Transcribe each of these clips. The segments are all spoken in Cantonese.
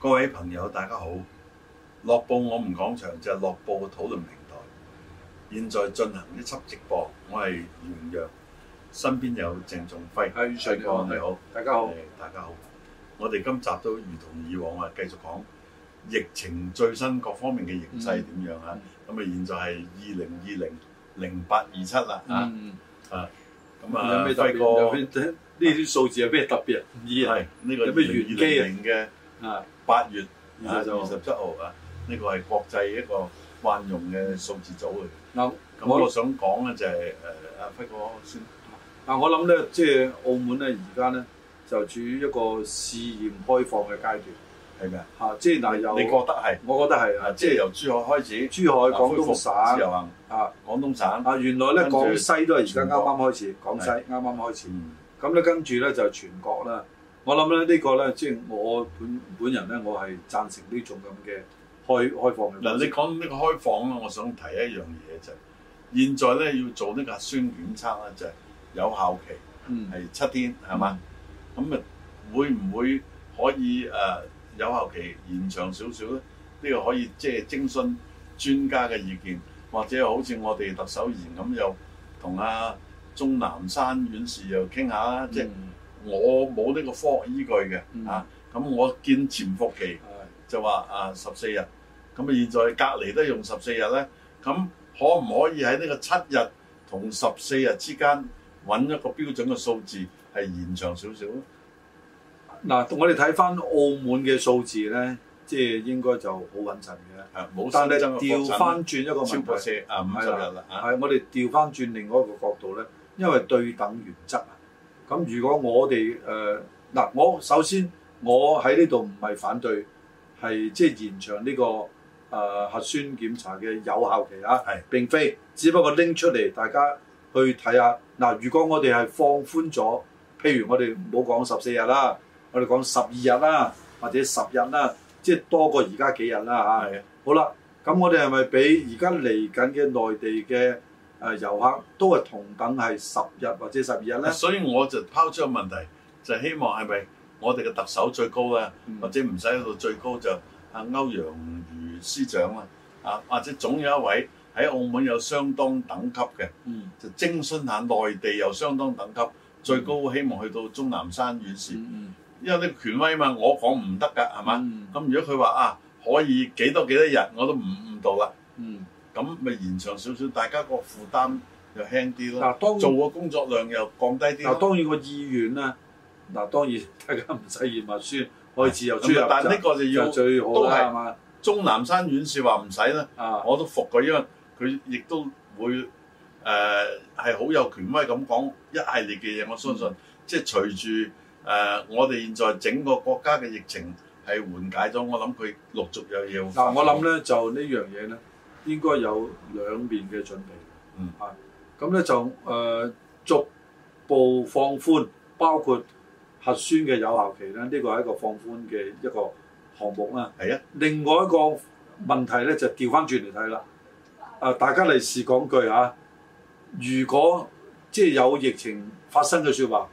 各位朋友，大家好！樂報我唔講場，就係樂報嘅討論平台。現在進行一輯直播，我係袁若，身邊有鄭仲輝。係袁 Sir,、嗯、S, 好 你好，大家好、呃，大家好。我哋今集都如同以往啊，繼續講疫情最新各方面嘅形勢點樣啊？咁啊、嗯，現在係二零二零零八二七啦，吓啊、嗯！嗯咁啊，輝哥，呢啲 數字有咩特別啊？二啊，呢、呢個零零嘅啊，八月啊，就二十七號啊，呢、uh, 個係國際一個慣用嘅數字組嚟。嗱、嗯，我我想講咧就係、係、誒，阿、uh, 輝哥先。嗱，我諗咧，即係澳門咧，而家咧就處於一個試驗開放嘅階段。係咪啊？嚇！即係嗱，你覺得係？我覺得係啊！即係由珠海開始，珠海廣東省行，啊，廣東省啊，原來咧廣西都係而家啱啱開始，廣西啱啱開始。咁咧跟住咧就全國啦。我諗咧呢個咧即係我本本人咧，我係贊成呢種咁嘅開開放嘅。嗱，你講呢個開放啊，我想提一樣嘢就係，現在咧要做呢個核酸檢測咧，就係有效期係七天係嘛？咁啊會唔會可以誒？有效期延長少少咧，呢、這個可以即係、就是、徵詢專家嘅意見，或者好似我哋特首言咁，又同阿、啊、鍾南山院士又傾下即係、嗯、我冇呢個科學依據嘅、嗯、啊，咁我見潛伏期、嗯、就話啊十四日，咁啊現在隔離都用十四日咧，咁可唔可以喺呢個七日同十四日之間揾一個標準嘅數字，係延長少少咧？嗱，我哋睇翻澳門嘅數字咧，即係應該就好穩陣嘅。誒，冇，但係調翻轉一個問題，啊，唔係啦，係、啊、我哋調翻轉另外一個角度咧，因為對等原則啊。咁如果我哋誒嗱，我首先我喺呢度唔係反對，係即係延長呢、呢個誒、呃、核酸檢查嘅有效期啊。係的，並非，只不過拎出嚟大家去睇下。嗱、呃，如果我哋係放寬咗，譬如我哋唔好講十四日啦。我哋講十二日啦，或者十日啦，即係多過而家幾日啦嚇，係啊。好啦，咁我哋係咪俾而家嚟緊嘅內地嘅誒遊客都係同等係十日或者十二日咧？所以我就拋出個問題，就是、希望係咪我哋嘅特首最高啊，嗯、或者唔使去到最高就阿歐陽瑜司長啦，啊或者總有一位喺澳門有相當等級嘅，嗯、就徵詢下內地有相當等級，最高希望去到鍾南山院士。嗯嗯因為啲權威嘛，我講唔得㗎，係嘛？咁、嗯、如果佢話啊可以幾多幾多日，我都唔唔到啦。嗯，咁咪延長少少，大家個負擔又輕啲咯。嗱、呃，當做個工作量又降低啲。嗱、呃，當然個意願啦。嗱、呃，當然大家唔使驗核酸，可以自由出入就要就最好啦。係嘛是？鐘、啊、南山院士話唔使啦，啊、我都服佢。因為佢亦都會誒係好有權威咁講一系列嘅嘢。我相信即係隨住。嗯嗯誒，uh, 我哋現在整個國家嘅疫情係緩解咗，我諗佢陸續有嘢。但我諗咧，就呢樣嘢咧，應該有兩面嘅準備。嗯，啊，咁咧就誒、呃、逐步放寬，包括核酸嘅有效期咧，呢、呢個係一個放寬嘅一個項目啦。係啊。另外一個問題咧，就調翻轉嚟睇啦。啊，大家嚟試講句嚇，如果即係有疫情發生嘅説話。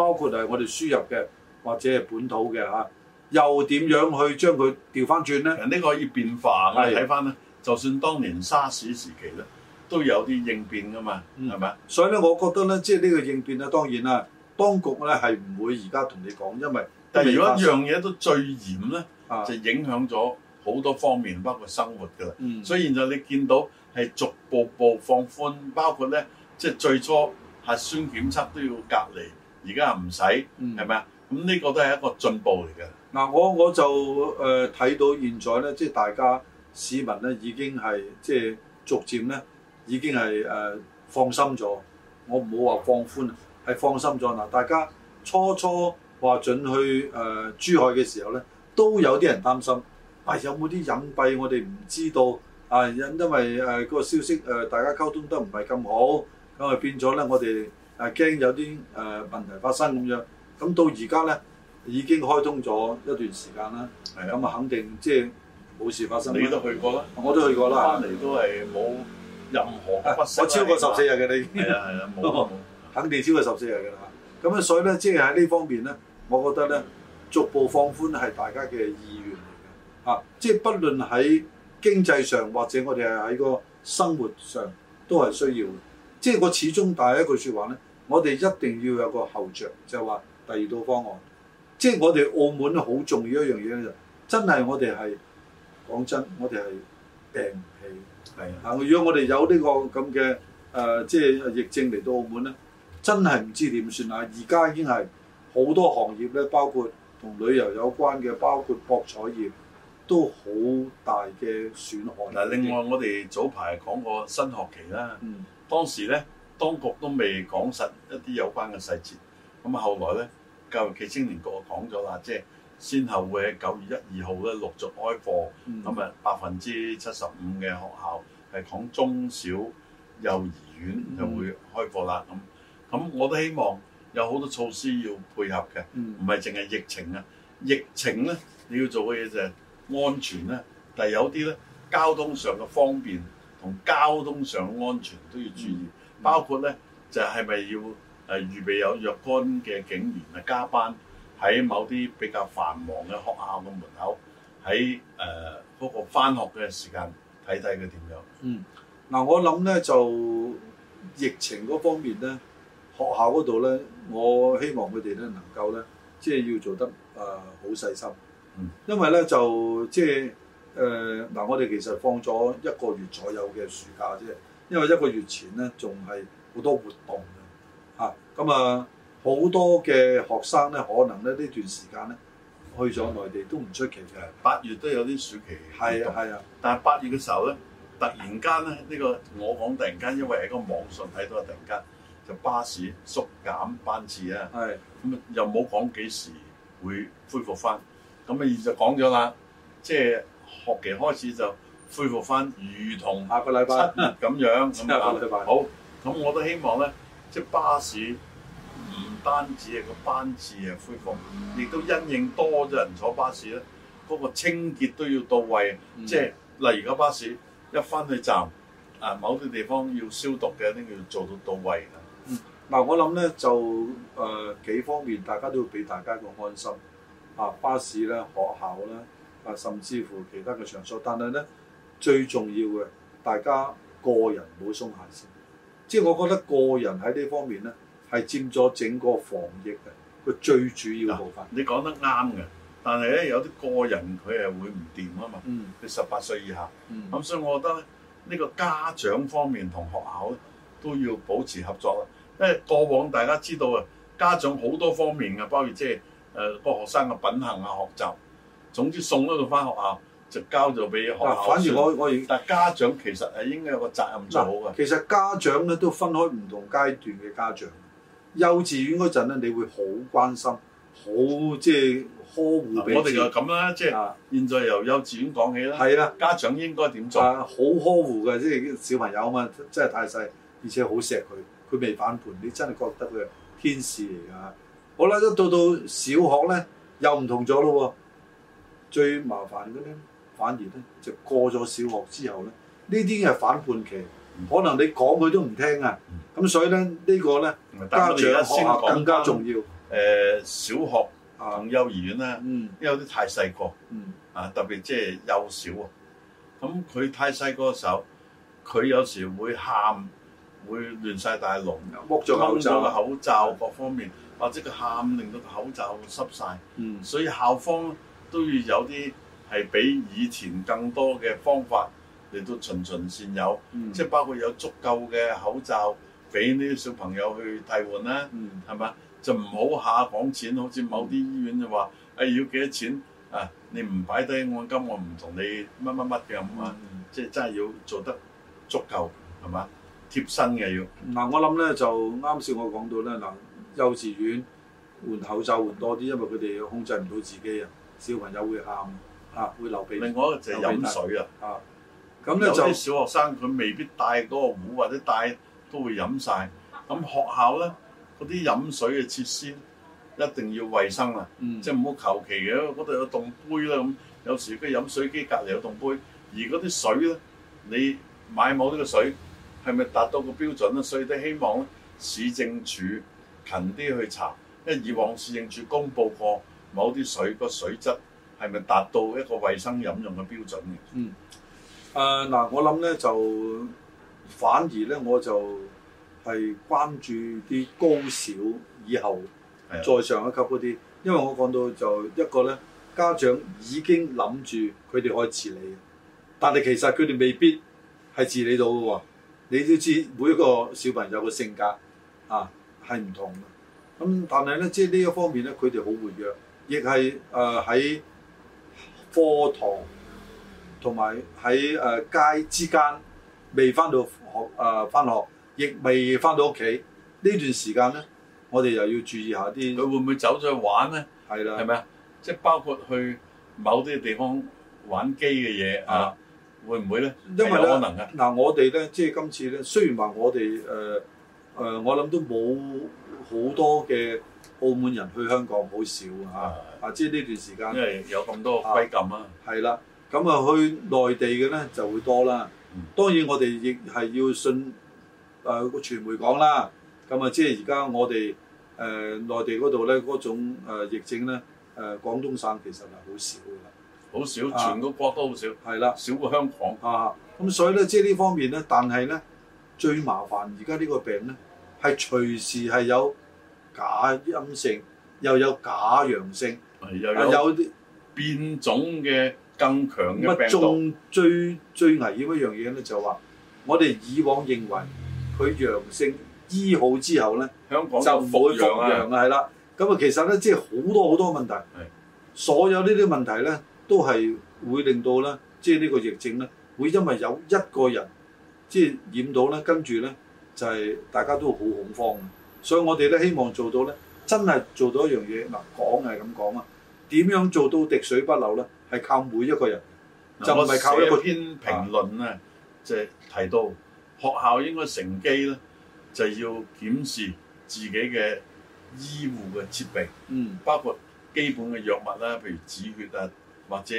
包括係我哋輸入嘅，或者係本土嘅嚇、啊，又點樣去將佢調翻轉咧？呢個可以變化，我哋睇翻啦。就算當年沙士時期咧，都有啲應變㗎嘛，係嘛、嗯？吧所以咧，我覺得咧，即係呢個應變咧，當然啦，當局咧係唔會而家同你講，因為但係如果一樣嘢都最嚴咧，啊、就影響咗好多方面，包括生活㗎啦。嗯、所以現在你見到係逐步步放寬，包括咧，即係最初核酸檢測都要，要隔離。而家唔使，係咪啊？咁呢個都係一個進步嚟嘅。嗱、啊，我我就誒睇、呃、到現在咧，即係大家市民咧已經係即係逐漸咧已經係誒、呃、放心咗。我唔好話放寬，係放心咗。嗱，大家初初話準去誒、呃、珠海嘅時候咧，都有啲人擔心，係、哎、有冇啲隱蔽我哋唔知道啊？因因為嗰個消息誒、呃、大家溝通得唔係咁好，咁啊變咗咧我哋。啊驚有啲誒、呃、問題發生咁樣，咁到而家咧已經開通咗一段時間啦。係咁啊，肯定即係冇事發生。你都去過啦，我都去過啦，翻嚟都係冇任何嘅不適、啊、我超過十四日嘅你係啊，冇肯定超過十四日㗎啦。咁啊，所以咧，即係喺呢方面咧，我覺得咧，嗯、逐步放寬係大家嘅意願嚟嘅。嚇、啊，即係不論喺經濟上或者我哋係喺個生活上都係需要嘅。即係我始終但係一句説話咧。我哋一定要有個後着，就係話第二套方案。即係我哋澳門好重要一樣嘢就真係我哋係講真，我哋係病唔起。係啊。啊！如果我哋有呢個咁嘅誒，即係疫症嚟到澳門咧，真係唔知點算啊！而家已經係好多行業咧，包括同旅遊有關嘅，包括博彩業，都好大嘅損害。嗱，另外我哋早排講過新學期啦，嗯，當時咧。當局都未講實一啲有關嘅細節，咁啊後來咧，教育暨青年局講咗啦，即係先後會喺九月一二號咧陸續開課，咁啊百分之七十五嘅學校係講中小幼兒園就會開課啦，咁咁我都希望有好多措施要配合嘅，唔係淨係疫情啊，疫情咧你要做嘅嘢就係安全啦，但係有啲咧交通上嘅方便同交通上安全都要注意。嗯包括咧，就係、是、咪要誒、呃、預備有若干嘅警員啊，加班喺某啲比較繁忙嘅學校嘅門口，喺誒嗰個返學嘅時間睇睇佢點樣，看看嗯，嗱，我諗咧就疫情嗰方面咧，學校嗰度咧，我希望佢哋咧能夠咧，即係要做得誒好、呃、細心。嗯，因為咧就即係誒嗱，我哋其實放咗一個月左右嘅暑假即係。因為一個月前咧，仲係好多活動嘅嚇，咁啊好、啊、多嘅學生咧，可能咧呢段時間咧去咗內地都唔出奇嘅。八月都有啲暑期，係啊係啊。啊但係八月嘅時候咧，突然間咧呢、呢個我講突然間，因為喺個網上睇到，突然間就巴士縮減班次啊。係咁又冇講幾時會恢復翻。咁啊二就講咗啦，即、就、係、係、學期開始就。恢復翻如同下個禮拜咁樣，麼 好咁我都希望咧，即、就、係、是、巴士唔單止係個班次啊恢復，亦都因應多咗人坐巴士咧，嗰、那個清潔都要到位。即係、嗯就是、例如個巴士一翻去站啊，某啲地方要消毒嘅，呢個要做到到位。嗯，嗱、啊、我諗咧就誒、呃、幾方面，大家都要俾大家一個安心。啊，巴士咧，學校咧，啊，甚至乎其他嘅場所，但係咧。最重要嘅，大家個人冇鬆懈先，即係我覺得個人喺呢方面咧，係佔咗整個防疫嘅個最主要嘅部分。嗯、你講得啱嘅，但係咧有啲個人佢係會唔掂啊嘛。嗯，佢十八歲以下。嗯，咁所以我覺得咧，呢、呢個家長方面同學校都要保持合作啦。因為過往大家知道啊，家長好多方面啊，包括即係誒個學生嘅品行啊、學習，總之送咗佢返學校，就交咗俾學校。反而我我但家長其實係應該有個責任做好嘅。其實家長咧都分開唔同階段嘅家長。幼稚園嗰陣咧，你會好關心，好即係呵護俾我哋。我哋就咁啦，即係。啊！現在由幼稚園講起啦。係啦。家長應該點做？啊，好呵護嘅，即係小朋友啊嘛，真係太細，而且好錫佢，佢未反叛，你真係覺得佢天使嚟㗎。好啦，一到到小學咧，又唔同咗咯喎，最麻煩嘅咧。反而咧就過咗小學之後咧，呢啲係反叛期，可能你講佢都唔聽啊。咁所以咧呢、呢個咧但 家長先更加重要。誒、呃、小學同幼兒園咧，嗯、因為有啲太細個，啊特別即係幼小啊。咁佢太細個嘅時候，佢有時會喊，會亂晒大龍，剝咗口罩，嘅口罩各方面，的或者佢喊令到個口罩濕晒，嗯，所以校方都要有啲。係比以前更多嘅方法嚟到循循善誘，嗯、即係包括有足夠嘅口罩俾呢啲小朋友去替換啦，係嘛、嗯？就唔好下講錢，好似某啲醫院就話誒要幾多錢啊？你唔擺低按金，我唔同你乜乜乜嘅咁啊！嗯嗯、即係真係要做得足夠係嘛？貼身嘅要嗱、嗯，我諗咧就啱先我講到咧嗱、嗯，幼稚園換口罩換多啲，因為佢哋控制唔到自己啊，小朋友會喊。啊！會流鼻水，另外一個就係飲水啊！啊，咁咧就啲小學生佢未必帶嗰個壺，或者帶都會飲晒。咁學校咧嗰啲飲水嘅設施一定要衞生啊！嗯、即係唔好求其嘅，嗰度有凍杯啦、啊、咁。有時啲飲水機隔離有凍杯，而嗰啲水咧，你買某啲嘅水係咪達到個標準咧？所以都希望咧市政署勤啲去查，因為以往市政署公佈過某啲水、個水質。係咪達到一個衞生飲用嘅標準嘅？嗯。誒、呃、嗱，我諗咧就反而咧，我就係關注啲高小以後的再上一級嗰啲，因為我講到就一個咧，家長已經諗住佢哋可以自理，但係其實佢哋未必係自理到㗎喎。你都知每一個小朋友嘅性格啊係唔同嘅。咁、嗯、但係咧，即係呢一方面咧，佢哋好活躍，亦係誒喺。呃課堂同埋喺誒街之間未翻到學誒翻、呃、學，亦未翻到屋企呢段時間咧，我哋又要注意一下啲。佢會唔會走咗去玩咧？係啦的，係咪啊？即係包括去某啲地方玩機嘅嘢的啊？會唔會咧？因為可能㗎。嗱、啊，我哋咧，即係今次咧，雖然話我哋誒誒，我諗都冇好多嘅。澳門人去香港好少啊！的啊，即係呢段時間，因為有咁多規禁啊。係啦、啊，咁啊去內地嘅咧就會多啦。嗯、當然我哋亦係要信誒個、呃、傳媒講啦。咁啊，即係而家我哋誒內地嗰度咧嗰種、呃、疫症咧誒、呃、廣東省其實係好少㗎啦，好少，啊、全個國都好少，係啦的，少過香港啊。咁、啊、所以咧，即係呢方面咧，但係咧最麻煩而家呢個病咧係隨時係有。假陰性又有假陽性，又有啲變種嘅有更強嘅病毒。最最危險一樣嘢咧，就話、是、我哋以往認為佢陽性醫好之後咧，香港就唔會復陽啊，係啦。咁啊，其實咧即係好多好多問題。係的所有呢啲問題咧，都係會令到咧，即係呢個疫症咧，會因為有一個人即係、就是、染到咧，跟住咧就係、是、大家都好恐慌。所以我哋咧希望做到咧，真係做到一樣嘢。嗱，講係咁講啊，點樣做到滴水不漏咧？係靠每一個人，就唔係靠一個，我寫一篇評論咧，啊、就提到學校應該乘機咧，就要檢視自己嘅醫護嘅設備，嗯，包括基本嘅藥物啦、啊，譬如止血啊，或者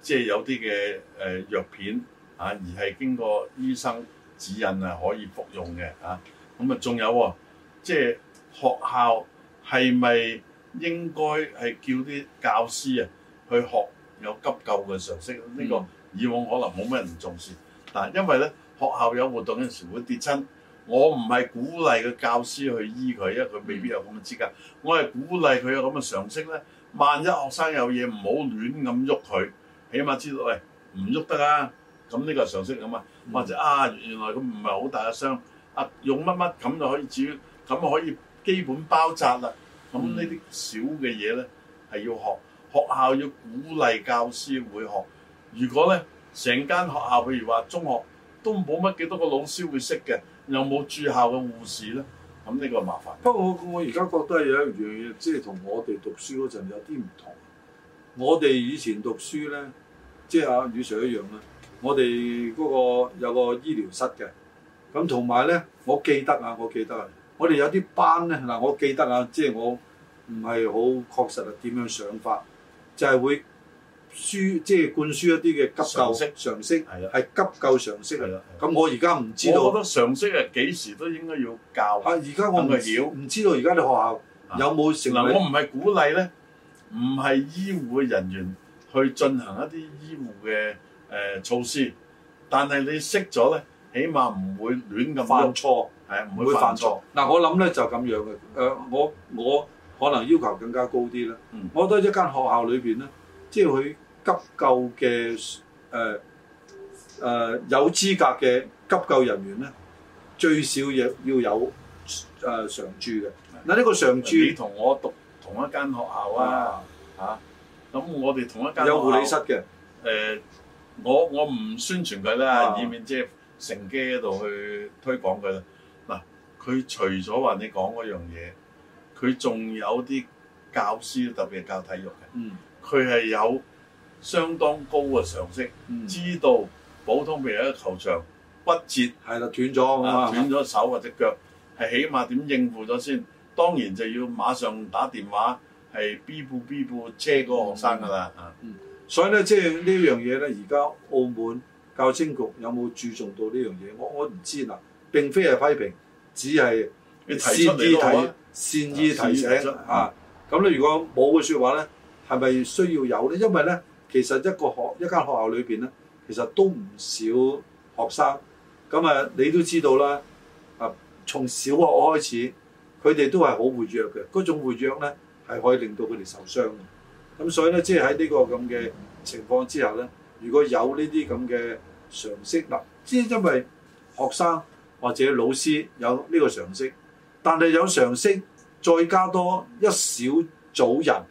即係、就是、有啲嘅誒藥片啊，而係經過醫生指引啊，可以服用嘅啊。咁、嗯、啊，仲有啊。即係學校係咪應該係叫啲教師啊去學有急救嘅常識呢？呢、嗯、個以往可能冇咩人重視，但因為咧學校有活動嗰陣時候會跌親，我唔係鼓勵個教師去醫佢，因為佢未必有咁嘅資格。我係鼓勵佢有咁嘅常識咧，萬一學生有嘢唔好亂咁喐佢，起碼知道喂，唔喐得、嗯、得啊，咁呢個常識咁啊，或者啊原來佢唔係好大嘅傷，啊用乜乜咁就可以至於。咁可以基本包紮啦。咁呢啲小嘅嘢咧，係、嗯、要學學校要鼓勵教師會學。如果咧成間學校，譬如話中學都冇乜幾多個老師會識嘅，又冇住校嘅護士咧，咁呢個麻煩。不過我而家覺得有一樣嘢，即係同我哋讀書嗰陣有啲唔同。我哋以前讀書咧，即係啊、于 Sir 一樣啦。我哋嗰個有個醫療室嘅，咁同埋咧，我記得啊，我記得、啊。我哋有啲班咧，嗱，我記得啊，即、就、係、是、我唔係好確實啊點樣想法，就係、是、會輸即係、就是、灌輸一啲嘅急救式。常識色，係啦色，係急救常識啊。咁的的我而家唔知道。我覺得常識啊幾時都應該要教。係，而家我唔係了，唔知道而家你學校有冇成立、啊啊。我唔係鼓勵咧，唔係醫護人員去進行一啲醫護嘅誒、呃、措施，但係你識咗咧，起碼唔會亂咁犯錯。係啊，唔會會犯錯。嗱，我諗咧就咁樣嘅。誒，我我可能要求更加高啲啦。嗯、我覺得一間學校裏邊咧，即係佢急救嘅誒誒有資格嘅急救人員咧，最少要要有誒、呃、常駐嘅。嗱的，呢個常駐你同我讀同一間學校啊？嚇的！咁、啊、我哋同一間有護理室嘅。誒、呃，我我唔宣傳佢啦，的以免即係乘機喺度去推廣佢啦。佢除咗話你講嗰樣嘢，佢仲有啲教師特別係教體育嘅，佢係、嗯、有相當高嘅常識，嗯、知道普通譬如一個球場骨、嗯、折係啦斷咗啊斷咗手或者腳係起碼點應付咗先，當然就要馬上打電話係 B 部 B 部車嗰個學生㗎啦啊，嗯嗯、所以咧即係呢樣嘢咧，而家澳門教青局有冇注重到呢樣嘢？我我唔知嗱，並非係批評。只係善意提善意提醒啊！咁你、嗯、如果冇嘅説話咧，係咪需要有咧？因為咧，其實一個學一間學校裏邊咧，其實都唔少學生。咁啊，你都知道啦。啊，從小學開始，佢哋都係好活躍嘅。嗰種活躍咧，係可以令到佢哋受傷嘅。咁所以咧，即係喺呢個咁嘅情況之下咧，如果有呢啲咁嘅常識啦，即、啊、係因為學生。或者老師有呢個常識，但係有常識，再加多一小組人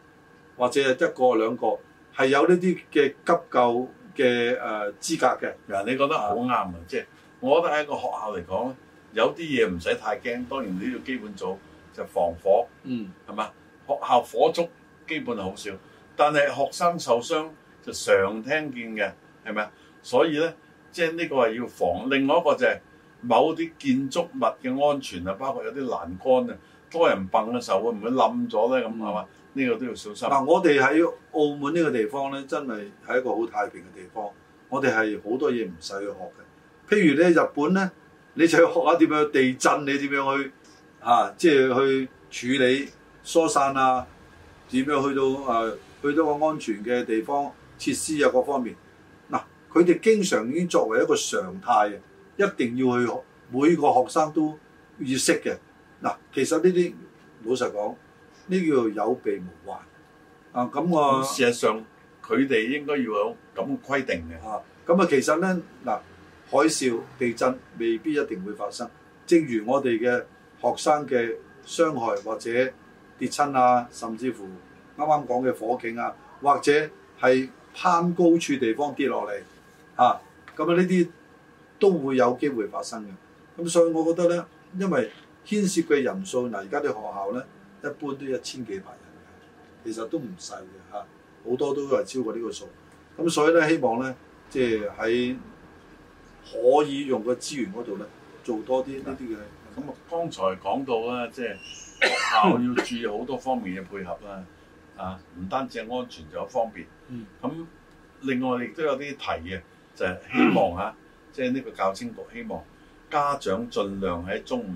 或者一個兩個係有呢啲嘅急救嘅誒、呃、資格嘅嗱、嗯，你覺得好啱啊！即係、呃、我覺得喺個學校嚟講咧，有啲嘢唔使太驚。當然你要基本組就係、防火，嗯，係嘛？學校火燭基本係好少，但係學生受傷就常聽見嘅，係咪？所以咧，即係呢個係要防。另外一個就係、係。某啲建築物嘅安全啊，包括有啲欄杆啊，多人泵嘅時候會唔會冧咗咧？咁係嘛？呢、這個都要小心。嗱、啊，我哋喺澳門呢個地方咧，真係係一個好太平嘅地方。我哋係好多嘢唔使去學嘅。譬如咧，日本咧，你就要學下點樣去地震，你點樣去啊，即、啊、係、就是、去處理疏散啊，點樣去到誒、啊、去到個安全嘅地方設施啊各方面。嗱、啊，佢哋經常已經作為一個常態嘅。一定要去，每個學生都要識嘅。嗱，其實呢啲老實講，呢叫有備無患。啊，咁我、啊、事實上佢哋應該要有咁嘅規定嘅、啊。啊，咁啊，其實咧嗱，海嘯、地震未必一定會發生。正如我哋嘅學生嘅傷害或者跌親啊，甚至乎啱啱講嘅火警啊，或者係攀高處地方跌落嚟，啊，咁啊呢啲。都會有機會發生嘅，咁所以我覺得咧，因為牽涉嘅人數嗱，而家啲學校咧，一般都一千幾百人嘅，其實都唔細嘅嚇，好多都係超過呢個數。咁所以咧，希望咧，即係喺可以用嘅資源嗰度咧，做多啲呢啲嘅。咁啊、嗯，剛才講到啦，即係學校要注意好多方面嘅配合啦， 啊，唔單止安全就一方便。嗯。咁另外亦都有啲提嘅，就係希望嚇。 即係呢個教青局希望家長盡量喺中午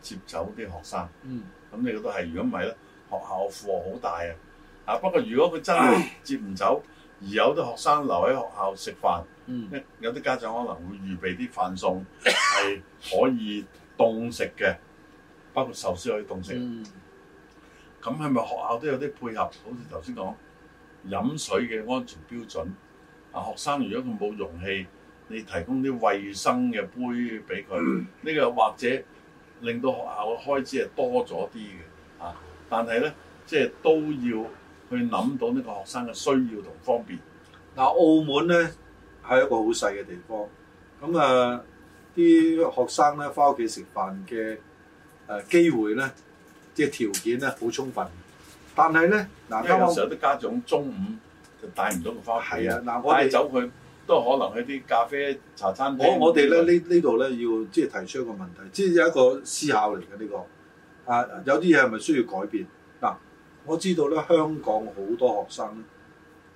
接走啲學生。嗯。咁你都係，如果唔係咧，學校負荷好大啊。啊，不過如果佢真係接唔走，而有啲學生留喺學校食飯，嗯，有啲家長可能會預備啲飯餸係可以凍食嘅，包括壽司可以凍食。嗯。咁係咪學校都有啲配合？好似頭先講飲水嘅安全標準。啊，學生如果佢冇容器。你提供啲衞生嘅杯俾佢，呢個、嗯、或者令到學校嘅開支係多咗啲嘅，啊！但係咧，即係都要去諗到呢個學生嘅需要同方便。嗱、嗯，澳門咧係、嗯、一個好細嘅地方，咁啊啲學生咧返屋企食飯嘅誒、呃、機會咧，即係條件咧好充分。但係咧，因、呃、為有時候啲家長中午就帶唔到佢返屋企，嗯啊、我哋走佢。都可能喺啲咖啡茶餐廳。我哋咧呢呢度咧要即係提出一個問題，即係有一個思考嚟嘅呢個啊。有啲嘢係咪需要改變？嗱，我知道咧香港好多學生咧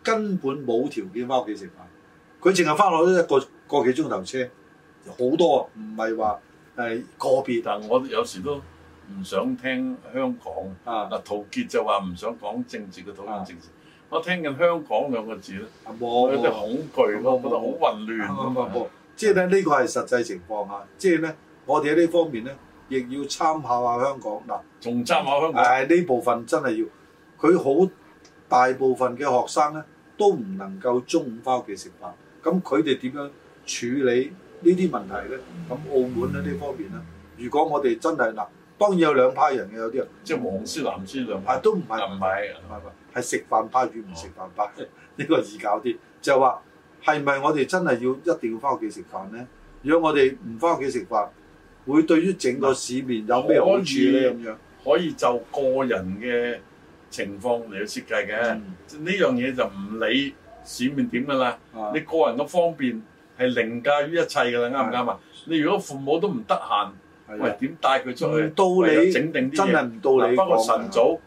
根本冇條件翻屋企食飯，佢淨係翻落去一個一個，一個幾鐘頭車，好多唔係話係個別。但我有時都唔想聽香港啊，啊，陶傑就話唔想講政治嘅，討論政治。我聽緊香港兩個字咧，我有啲恐懼咯，我覺得好混亂。即係咧呢個係實際情況下，即係咧我哋喺呢方面咧，亦要參考下香港嗱，仲參考香港。係呢部分真係要，佢好大部分嘅學生咧都唔能夠中午翻屋企食飯，咁佢哋點樣處理呢啲問題咧？咁澳門喺呢方面咧，如果我哋真係嗱，當然有兩派人嘅有啲人，即係黃絲藍絲兩派都唔係唔係唔係。係食飯包與唔食飯包，呢個易搞啲。就話係咪我哋真係要一定要翻屋企食飯咧？如果我哋唔翻屋企食飯，會對於整個市面有咩好處咧？咁樣可以就個人嘅情況嚟到設計嘅。呢、嗯嗯、樣嘢就唔理市面點噶啦。你個人嘅方便係凌駕於一切噶啦，啱唔啱啊？你如果父母都唔得閒，喂，點帶佢出去？唔到你，真係唔到你。不過晨早。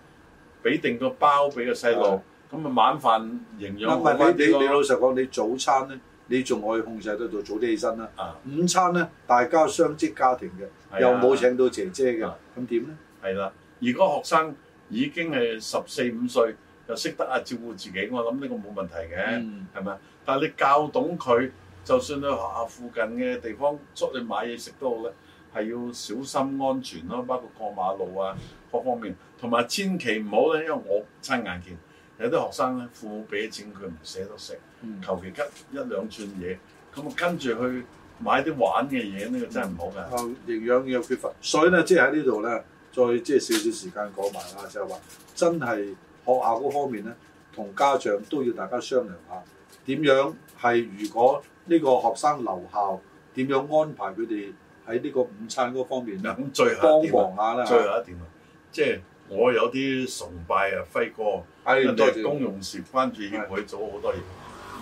俾定個包俾個細路，咁啊晚飯營養唔咪你你老實講，你早餐咧你仲可以控制得到早啲起身啦。啊，午餐咧大家雙職家庭嘅，啊、又冇請到姐姐嘅，咁點咧？係啦，如果學生已經係十四五歲，又識得啊照顧自己，我諗呢個冇問題嘅，係咪、嗯？但係你教懂佢，就算去學校附近嘅地方出嚟買嘢食都好咧，係要小心安全咯，包括過馬路啊，各方面。同埋千祈唔好咧，因為我親眼見有啲學生咧，父母俾啲錢佢唔捨得食，求其急一兩串嘢，咁啊跟住去買啲玩嘅嘢呢個，真係唔好嘅。嗯、然後營養有缺乏，所以咧即係喺呢度咧，再即係少少時間講埋啦，即係話真係學校嗰方面咧，同家長都要大家商量下點樣係如果呢個學生留校，點樣安排佢哋喺呢個午餐嗰方面咧，幫忙下啦。最後一點啊，即係。我有啲崇拜啊，輝哥，都在公用時關注協會做好多嘢。的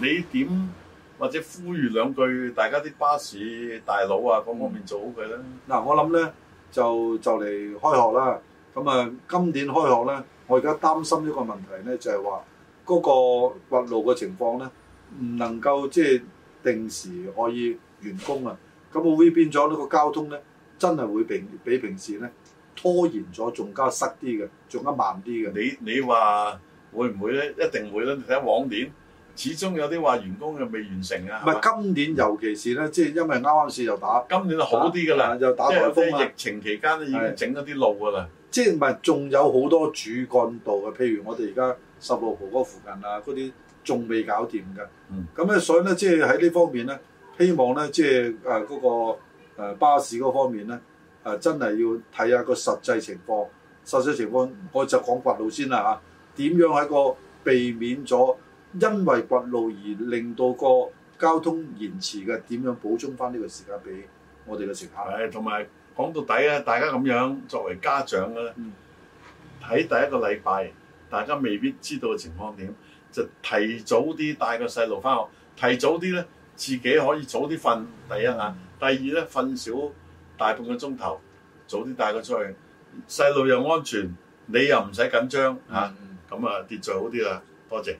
你點或者呼籲兩句，大家啲巴士大佬啊，各方面做好佢啦。嗱，我諗咧就就嚟開學啦。咁啊，今年開學咧，我而家擔心一個問題咧，就係話嗰個掘路嘅情況咧，唔能夠即係定時可以完工啊。咁會變咗呢個交通咧，真係會平比，比平時咧。拖延咗，仲加塞啲嘅，仲加慢啲嘅。你你話會唔會咧？一定會啦。你睇下往年，始終有啲話員工嘅未完成啊。唔係今年，尤其是咧，即係因為啱啱試就打。今年就好啲㗎啦，打就打台風。疫情期間咧，已經整咗啲路㗎啦。即係唔係仲有好多主幹道嘅？譬如我哋而家十六號嗰附近啊，嗰啲仲未搞掂㗎。咁咧、嗯，所以咧，即係喺呢方面咧，希望咧，即係誒嗰個誒巴士嗰方面咧。誒、啊、真係要睇下個實際情況，實際情況，我就講掘路先啦嚇。點、啊、樣喺個避免咗因為掘路而令到個交通延遲嘅？點樣補充翻呢個時間俾我哋嘅乘客？誒，同埋講到底啊，大家咁樣作為家長咧，喺、嗯、第一個禮拜，大家未必知道嘅情況點，就提早啲帶個細路翻學，提早啲咧，自己可以早啲瞓第一眼，第二咧瞓少。大半個鐘頭，早啲帶佢出去，細路又安全，你又唔使緊張嚇，咁、嗯、啊，秩序好啲啦，多謝。